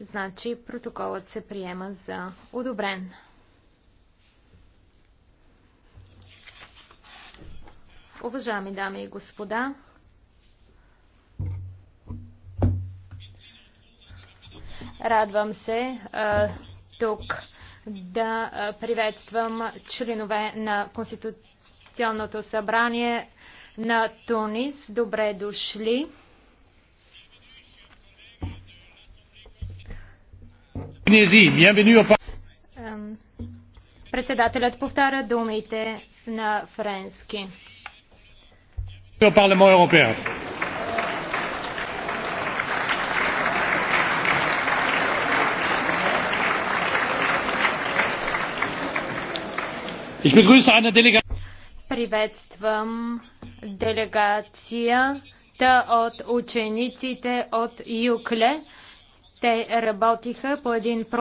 Значи протоколът се приема за одобрен. Уважаеми дами и господа, радвам се а, тук да приветствам членове на Конституционното събрание на Тунис. Добре дошли! Председателят повтаря думите на френски. Приветствам делегацията от учениците от Юкле. Те работиха по един проект.